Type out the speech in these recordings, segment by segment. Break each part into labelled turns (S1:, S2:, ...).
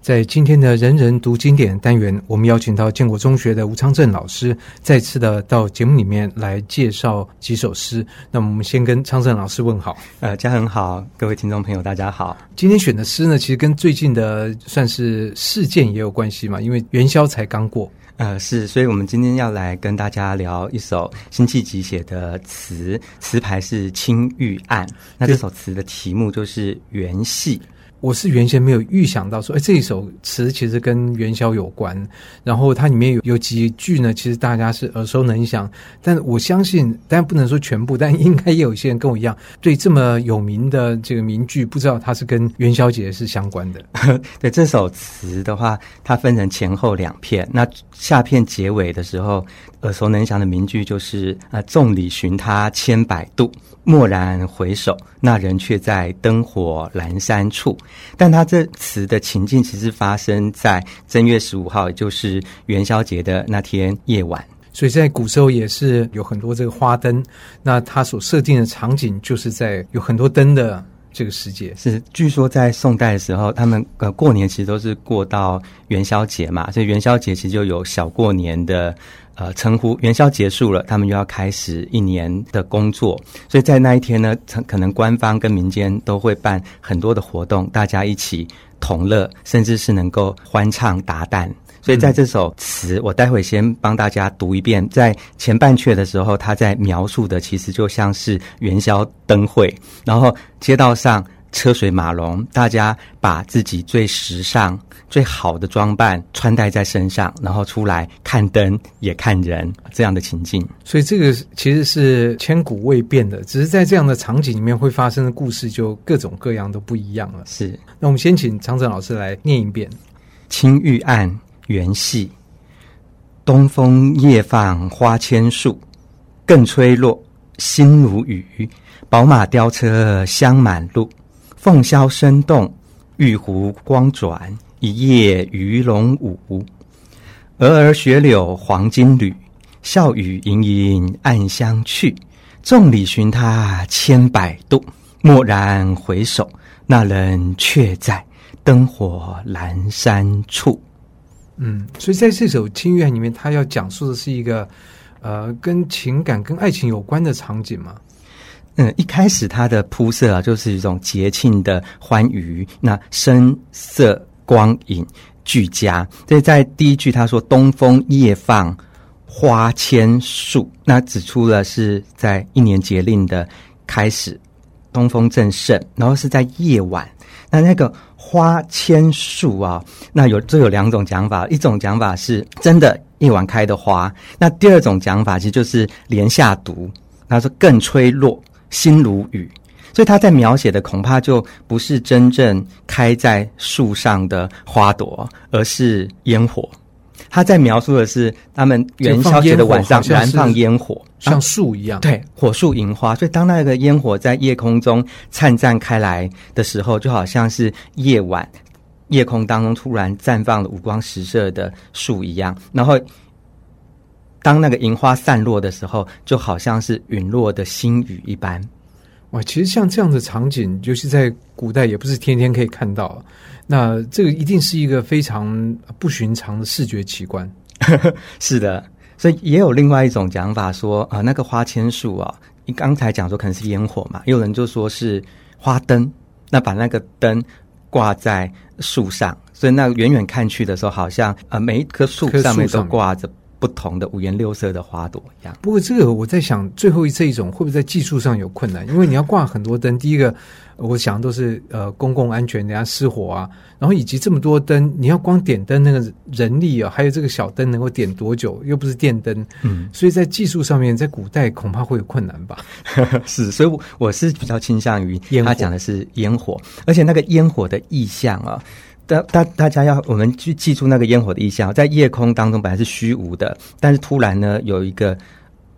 S1: 在今天的“人人讀經典”單元，我們邀請到建國中學的吳昌政老師，再次的到節目裡面來介紹幾首詩。那我們先跟昌政老師問好。呃，家很好，各位聽眾朋友，大家好。今天選的詩呢，其實跟最近的
S2: 算是事件也有關係嘛，因為元宵才剛過。呃，是，所以我們今天要來跟大家聊一首辛棄疾寫的詞，詞牌是《青玉案》。那這首詞的題目就是《元夕》。我是原先沒有預想
S1: 到說，哎，這一首詞其實跟元宵有關。然後它裡面有有幾句呢，其實大家是耳熟能詳。但我相信，但不能說全部，但應該也有些人跟我一樣，對這麼
S2: 有名的這個名句，不知道它是跟元宵節是相關的。對，這首詞的話，它分成前後兩片，那下片結尾的時候，耳熟能詳的名句就是啊、呃，“眾裡尋他千百度，驀然回首，那人卻在燈火闌珊處。”但他這詞的情境其實發生在正月十五號，也就是元宵節的那天夜晚。
S1: 所以在古時候也是有很多這個花燈，那他所設定的場景就是在有很多燈的。這個世界
S2: 是，據說在宋代的時候，他們呃過年其實都是過到元宵節嘛，所以元宵節其實就有小過年的呃稱呼。元宵結束了，他們又要開始一年的工作，所以在那一天呢，可能官方跟民間都會辦很多的活動，大家一起同樂，甚至是能夠歡唱達旦。所以在這首詞，我待會先幫大家讀一遍。在前半闕的時候，他在描述的其實就像是元宵燈會，然後街道上車水馬龍，大家把自己最時尚、最好的裝扮穿戴在身上，然後出來看燈，也看人，這樣的情境。
S1: 所以這個其實是千古未變的，只是在這樣的場景裡面會發生的故事就各種各樣都不一樣了。是，那我們先請昌政老師來念一遍
S2: 《青玉案》。元夕。東風夜放花千樹，更吹落星如雨。寶馬雕車香滿路，鳳簫聲動，玉壺光轉，一夜魚龍舞。蛾兒雪柳黃金縷，笑語盈盈暗香去。眾裡尋他千百度，驀然回首，那人卻在燈火闌珊處。嗯，
S1: 所以在這首《青玉案》裡面，他要講述的是一個，呃，跟情感、跟愛情有關的場景嘛。嗯，
S2: 一開始他的鋪設啊，就是一種節慶的歡愉，那聲色光影俱佳。所以在第一句他說“東風夜放花千樹”，那指出了是在一年節令的開始，東風正盛，然後是在夜晚，那那個。花千樹啊，那有就有兩種講法，一種講法是真的夜晚開的花，那第二種講法其實就是連下讀，他說更吹落，星如雨，所以他在描寫的恐怕就不是真正開在樹上的花朵，而是煙火。他在描述的是他們元宵節的晚上燃放煙火，火像
S1: 樹一樣，當一樣
S2: 對，火樹銀花。所以當那個煙火在夜空中燦爛開來的時候，就好像是夜晚夜空當中突然綻放了五光十色的樹一樣。然後，當那個銀花散落的時候，就好像是隕落的星雨一般。
S1: 哇，其實像這樣的場景，尤其是在古代，也不是天天可以看到。那這個一定是一個非常不尋常的視覺奇觀。
S2: 是的，所以也有另外一種講法說啊、呃，那個花千樹啊、哦，你剛才講說可能是煙火嘛，也有人就說是花燈，那把那個燈掛在樹上，所以那遠遠看去的時候，好像啊、呃，每一棵樹上面都掛着。不同的五顏六色的花朵一樣。
S1: 不過，這個我在想，最後這一種會不會在技術上有困難？因為你要掛很多燈，第一個我想都是呃公共安全，人家失火啊。然後以及這麼多燈，你要光點燈那個人力啊，還有這個小燈能夠點多久？又不是電燈，嗯，
S2: 所以在技術上面，在古代恐怕會有困難吧。 是，所以我是比較傾向於他講的是煙火，而且那個煙火的意象啊。大大大家要我們去記住那個煙火的意象，在夜空當中本來是虛無的，但是突然呢，有一個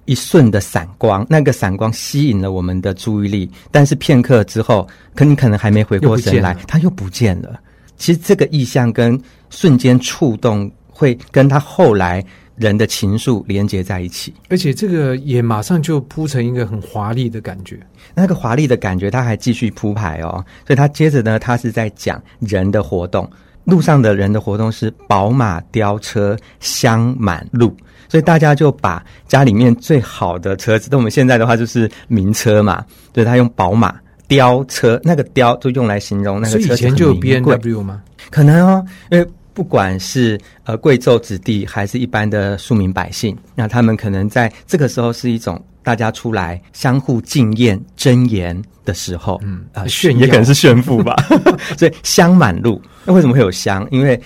S2: 一瞬的閃光，那個閃光吸引了我們的注意力，但是片刻之後，可你可能還沒回過神來，它又不見了。其實這個意象跟瞬間觸動，會跟他後來。人的情愫連接在一起，而且這個也馬上就鋪成一個很華麗的感覺。那個華麗的感覺，它還繼續鋪排哦。所以它接着呢，它是在講人的活動。路上的人的活動是寶馬雕車香滿路，所以大家就把家裡面最好的車子，那我們現在的話就是名車嘛。對，他用寶馬雕車，那個雕就用來形容那個車。所以，以前就有 B N W 嗎？可能哦，因為不管是呃貴胄子弟，還是一般的庶民百姓，那他們可能在這個時候是一種大家出來相互敬宴、珍言的時候，嗯，啊，呃、炫耀也可能是炫富吧。 所以香滿路，那為什麼會有香？因為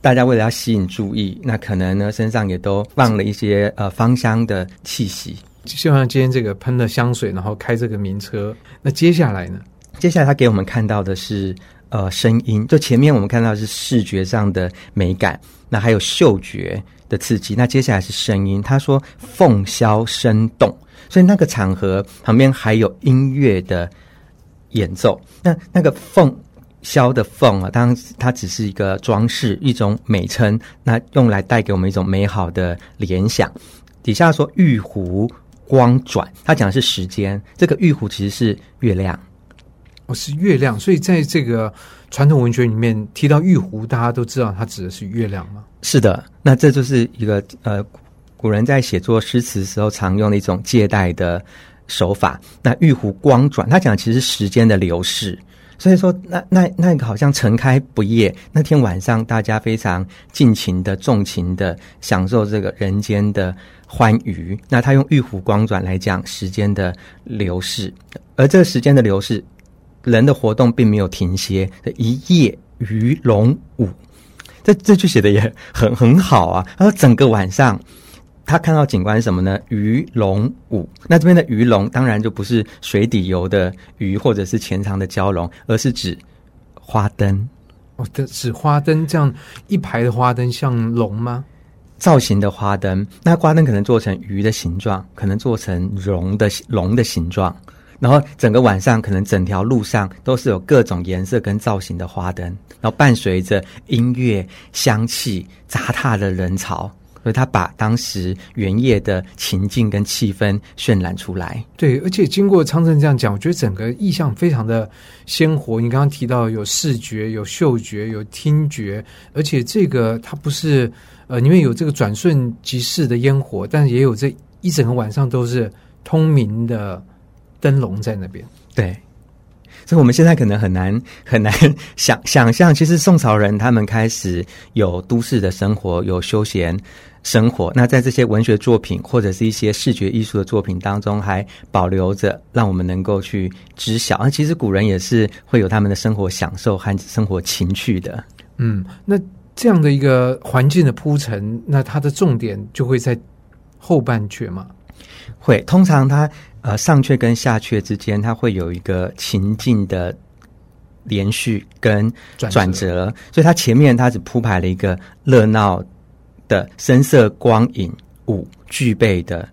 S2: 大家為了要吸引注意，那可能呢身上也都放了一些呃芳香的氣息，就像今天這個噴了香水，然後開這個名車。那接下來呢？接下來他給我們看到的是。呃，聲音就前面我們看到的是視覺上的美感，那還有嗅覺的刺激，那接下來是聲音。他說“鳳簫聲動”，所以那個場合旁邊還有音樂的演奏。那那個鳳簫的鳳啊，當然它只是一個裝飾，一種美稱，那用來帶給我們一種美好的聯想。底下說“玉壺光轉”，它講的是時間。這個玉壺其實是月亮。哦，是
S1: 月亮，所以在這個傳統文學裡面提到玉壺，大家都知道它指的是月亮嗎？
S2: 是的，那這就是一個呃，古人在寫作詩詞的時候常用的一種借代的手法。那玉壺光轉，他講的其實是時間的流逝。所以說那，那那那個好像城開不夜，那天晚上大家非常盡情的縱情的享受這個人間的歡愉。那他用玉壺光轉來講時間的流逝，而這個時間的流逝。人的活動並沒有停歇，一夜魚龍舞，這這句寫的也很很好啊。他說，整個晚上他看到景觀什麼呢？魚龍舞。那這邊的魚龍當然就不是水底游的魚或者是潛藏的蛟龍，而是指花燈
S1: 哦，指花燈。這樣一排的花燈像龍嗎？
S2: 造型的花燈，那花燈可能做成魚的形狀，可能做成龍的龍的形狀。然後整個晚上，可能整條路上都是有各種顏色跟造型的花燈，然後伴隨着音樂、香氣、雜沓的人潮，所以他把當時元夜的情境跟氣氛渲染出來。
S1: 對，而且經過昌政這樣講，我覺得整個意象非常的鮮活。你剛剛提到有視覺、有嗅覺、有聽覺，而且這個它不是呃，因為有這個轉瞬即逝的煙火，但是也有這一整個晚上都是通明的。燈籠在那邊，
S2: 對，所以我們現在可能很難很難想想象其實宋朝人他們開始有都市的生活，有休閒生活。那在這些文學作品或者是一些視覺藝術的作品當中，還保留着讓我們能夠去知曉。那、啊、其實古人也是會有他們的生活享受和生活情趣的。
S1: 嗯，那這樣的一個環境的鋪陳，那它的重點就會在
S2: 後半闕嘛。會通常它，它呃上闕跟下闕之間，它會有一個情境的連續跟轉折，轉折所以它前面它只鋪排了一個熱鬧的聲色光影五俱備的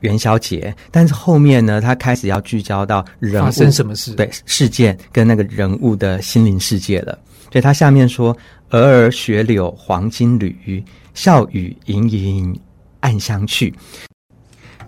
S2: 元宵節，但是後面呢，它開始要聚焦到人物發生什麼事，對事件跟那個人物的心靈世界了。所以它下面說：“蛾兒,兒雪柳黃金縷，笑語盈盈暗香去。”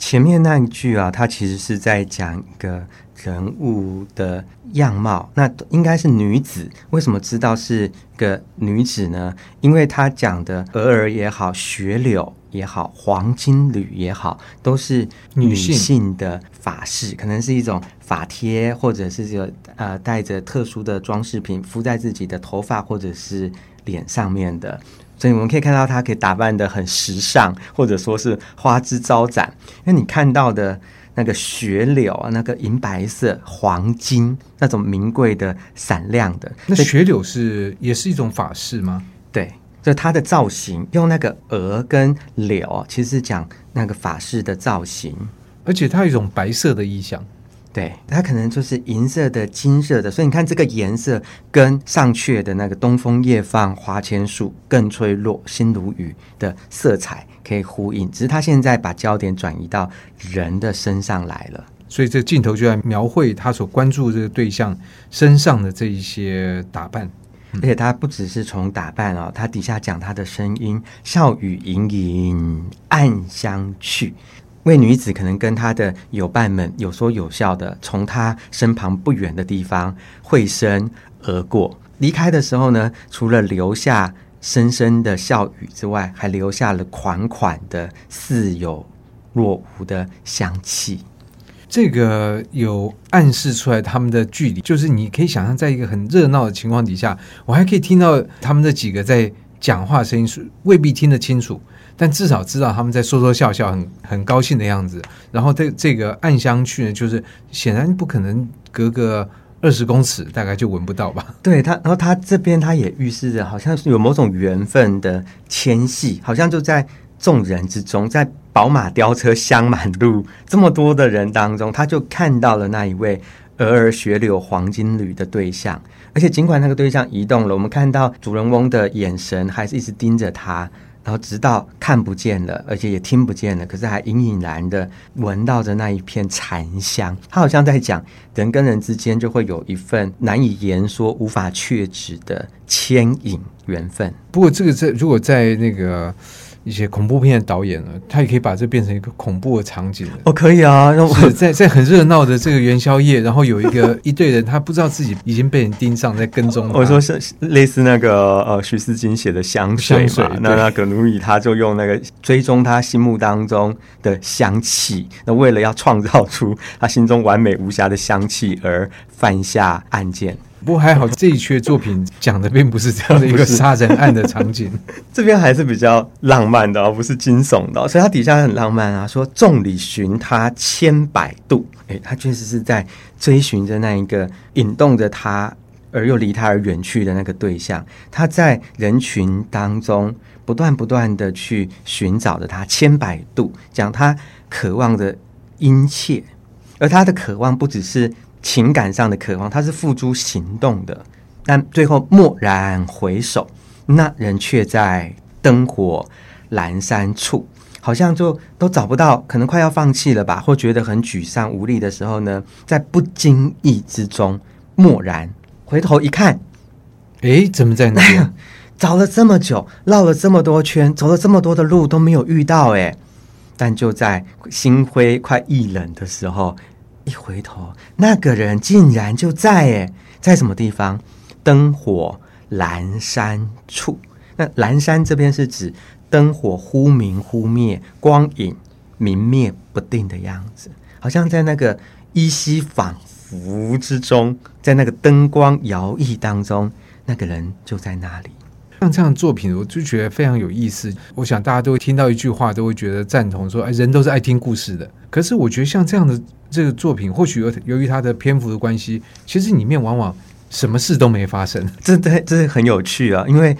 S2: 前面那一句啊，他其實是在講一個人物的樣貌，那應該是女子。為什麼知道是個女子呢？因為他講的蛾兒，兒也好，雪柳也好，黃金縷也好，都是女性的髮飾，性可能是一種髮貼，或者是這個呃帶着特殊的裝飾品敷在自己的頭髮，或者是，臉上面的，所以我們可以看到他可以打扮得很時尚，或者說是花枝招展。那你看到的那個雪柳那個銀白色、黃金那種名貴的、閃亮的，那雪柳是也是一種髮飾嗎？對，就它的造型，用那個蛾跟柳，其實是講那個髮飾的造型，而且它有一種白色的意象。對，它可能就是銀色的、金色的，所以你看這個顏色跟上闕的那個“東風夜放花千樹，更吹落、星如雨”的色彩可以呼應。只是他現在把焦點轉移到人的身上來了，所以這鏡頭就在描繪他所關注這個對象身上的這一些打扮，嗯、而且他不只是從打扮哦，他底下講他的聲音：“笑語盈盈，暗香去。”那位女子可能跟她的友伴們有說有笑的從她身旁不遠的地方回身而過，離開的時候呢，除了留下深深的笑語之外，還留下了款款的似有若無的香氣。這個有暗示出
S1: 來他們的距離，就是你可以想象在一個很熱鬧的情況底下，我還可以聽到他們這幾個在講話聲音，是未必聽得清楚。但至少知道他們在說說笑笑，很很高興的樣子。然後這這個暗香去呢，就是顯然不可能
S2: 隔個二十公尺，大概就聞不到吧。對他，然後他這邊他也預示着，好像是有某種緣分的牽繫，好像就在眾人之中，在寶馬雕車香滿路這麼多的人當中，他就看到了那一位蛾兒雪柳黃金縷的對象。而且儘管那個對象移動了，我們看到主人翁的眼神還是一直盯着他。然後直到看不見了，而且也聽不見了，可是還隱隱然的聞到着那一片殘香。他好像在講，人跟人之間就會有一份難以言說、無法確指的牽引緣分。不過這個在如果在那個。一些恐怖片的導演呢，他也可以把這
S1: 變成一個恐怖的場景。哦，oh, 可以啊！那我在在很熱鬧的這個元宵夜，然後有一個 一隊人，他不知道自己已經被人盯上，在跟蹤。Oh, 我說是
S2: 類似那個呃徐四金寫的《香水》嘛，那那葛奴乙他就用那個追蹤他心目當中的香氣，那為了要創造出他心中完美無瑕的香氣而犯下案件。不過還好，這一闕作品講的並不是這樣的一個殺人案的場景， 這邊還是比較浪漫的，而不是驚悚的。所以他底下很浪漫啊，說“眾裡尋他千百度”，哎，他確實是在追尋着那一個引動着他而又離他而遠去的那個對象。他在人群當中不斷不斷地去尋找着他千百度，講他渴望的殷切，而他的渴望不只是。情感上的渴望，他是付諸行動的，但最後驀然回首，那人卻在燈火闌珊處，好像就都找不到，可能快要放棄了吧，或覺得很沮喪無力的時候呢，在不經意之中驀然回頭一看，哎，怎麼在那？ 找了這麼久，繞了這麼多圈，走了這麼多的路都沒有遇到誒，但就在心灰快意冷的時候。一回頭，那個人竟然就在誒，在什麼地方？燈火闌珊處。那“闌珊”這邊是指燈火忽明忽滅，光影明滅不定的樣子，好像在那個依稀仿佛之中，在那個燈光搖曳當中，那個人就在那裡。
S1: 像這樣作品，我就覺得非常有意思。我想大家都會聽到一句話，都會覺得贊同說：“哎，人都是愛聽故事的。”可是我覺得像這樣的。這個作品或許由由於它的篇幅的關
S2: 係，其實裡面往往什麼事都沒發生，這這這是很有趣啊、哦！因為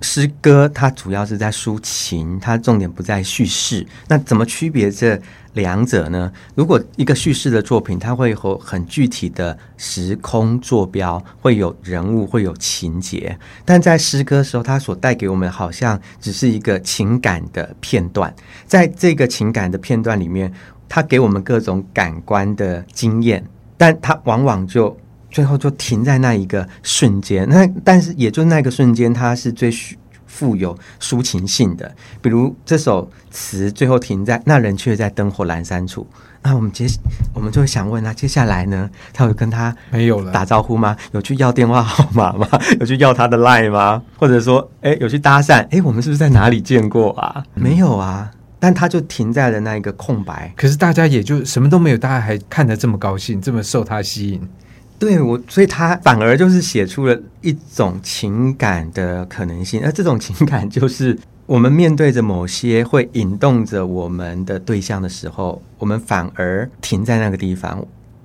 S2: 詩歌它主要是在抒情，它重點不在敘事。那怎麼區別這兩者呢？如果一個敘事的作品，它會有很具體的時空坐標，會有人物，會有情節；但在詩歌的時候，它所帶給我們好像只是一個情感的片段，在這個情感的片段裡面。他給我們各種感官的經驗，但他往往就最後就停在那一個瞬間。那但是也就那個瞬間，他是最富有抒情性的。比如這首詞最後停在“那人卻在燈火闌珊處”。那我們接我們就會想問他、啊，接下來呢？他有跟他打招呼嗎？有去要電話號碼嗎？有去要他的 line 嗎？或者說，誒，有去搭訕？誒，我們是不是在哪裡見過啊？沒有啊。但他就停在了那一個空白，可是大家也就什麼都沒有，大家還看得這麼高興，這麼受他吸引。對我，所以他反而就是寫出了一種情感的可能性，而這種情感就是我們面對着某些會引動着我們的對象的時候，我們反而停在那個地方，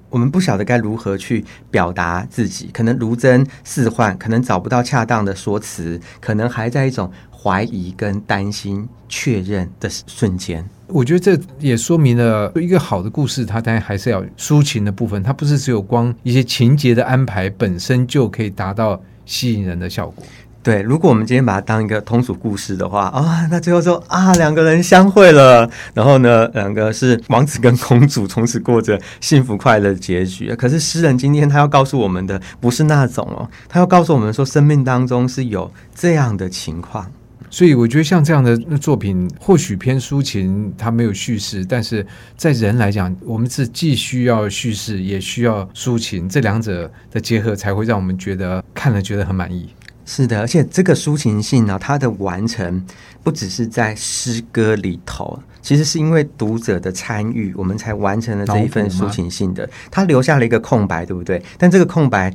S2: 我們不曉得該如何去表達自己，可能如真似幻，可能找不到恰當的說辭，可能還在一種。懷疑跟擔心確認的瞬間，
S1: 我覺得這也說明了一個好的故事，它當然還是要抒情的部分，它不是只有光一些情節的安排本身就可以達到吸引人的效果。對，如果我們今
S2: 天把它當一個通俗故事的話啊、哦，那最後說啊兩個人相會了，然後呢兩個是王子跟公主，從此過着幸福快樂的結局。可是詩人今天他要告訴我們的不是那種哦，他要告訴我們說生命當中是有這樣的情況。所以我覺得像這樣的作品，或許偏抒情，它沒有敘
S1: 事，但是在人來講，我們是既需要敘事，也需要抒情，這
S2: 兩者的結合才會讓我們覺得看了覺得很滿意。是的，而且這個抒情性呢、哦，它的完成不只是在詩歌裡頭，其實是因為讀者的參與，我們才完成了這一份抒情性的。它留下了一個空白，對不對？但這個空白。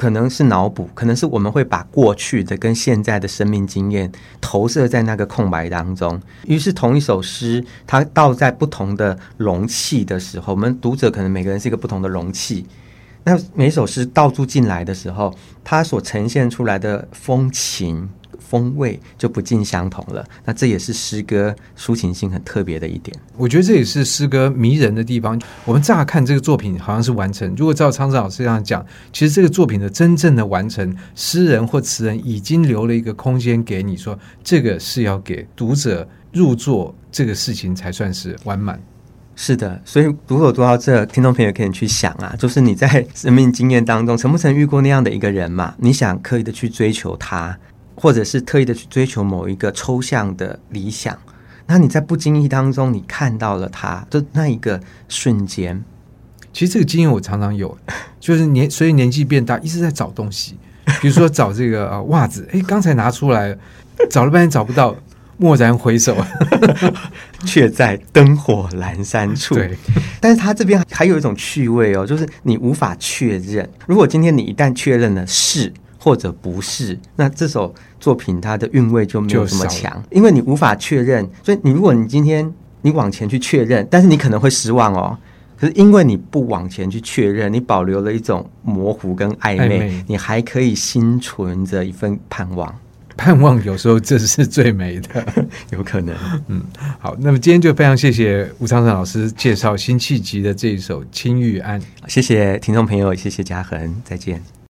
S2: 可能是腦補，可能是我們會把過去的跟現在的生命經驗投射在那個空白當中，於是同一首詩，它倒在不同的容器的時候，我們讀者可能每個人是一個不同的容器，那每首詩倒注進來的時候，它所呈現出來的風情。風味就不盡相同了。那這也是詩歌抒情性很特別的一點。我
S1: 覺得這也是詩歌迷人的地方。我們乍看這個作品好像是完成，如果照昌政老師這樣講，其實這個作品的真正的完成，詩人或詞人已經留了一個空間給你說，說這個是要給讀者入座，這個事情才算是
S2: 完滿。是的，所以讀到讀到這，聽眾朋友可以去想啊，就是你在生命經驗當中曾不曾遇過那樣的一個人嘛？你想刻意的去追求他？或者是特意的去追求某一個抽象的理想，那你在不經意當中，你看到了它的那一個瞬間。其實這個經驗我常常有，就是
S1: 年所以年紀變大一直在找東西，比如說找這個襪子， 誒，剛才拿出來
S2: 找了半天找不到，驀然回首， 卻在燈火闌珊處。對，但是它這邊還有一種趣味哦，就是你無法確認，如果今天你一旦確認了是。或者不是，那這首作品它的韻味就沒有這麼強，因為你無法確認。所以你如果你今天你往前去確認，但是你可能會失望哦。可是因為你不往前去確認，你保留了一種模糊跟曖昧，你還可以心存着一份盼望。盼望有時候這是最美的， 有可能。嗯，好，那麼今天就非常謝謝
S1: 吳昌政老師介紹辛棄疾的這一首《青玉案》。謝謝聽眾朋友，謝謝嘉恆，再見。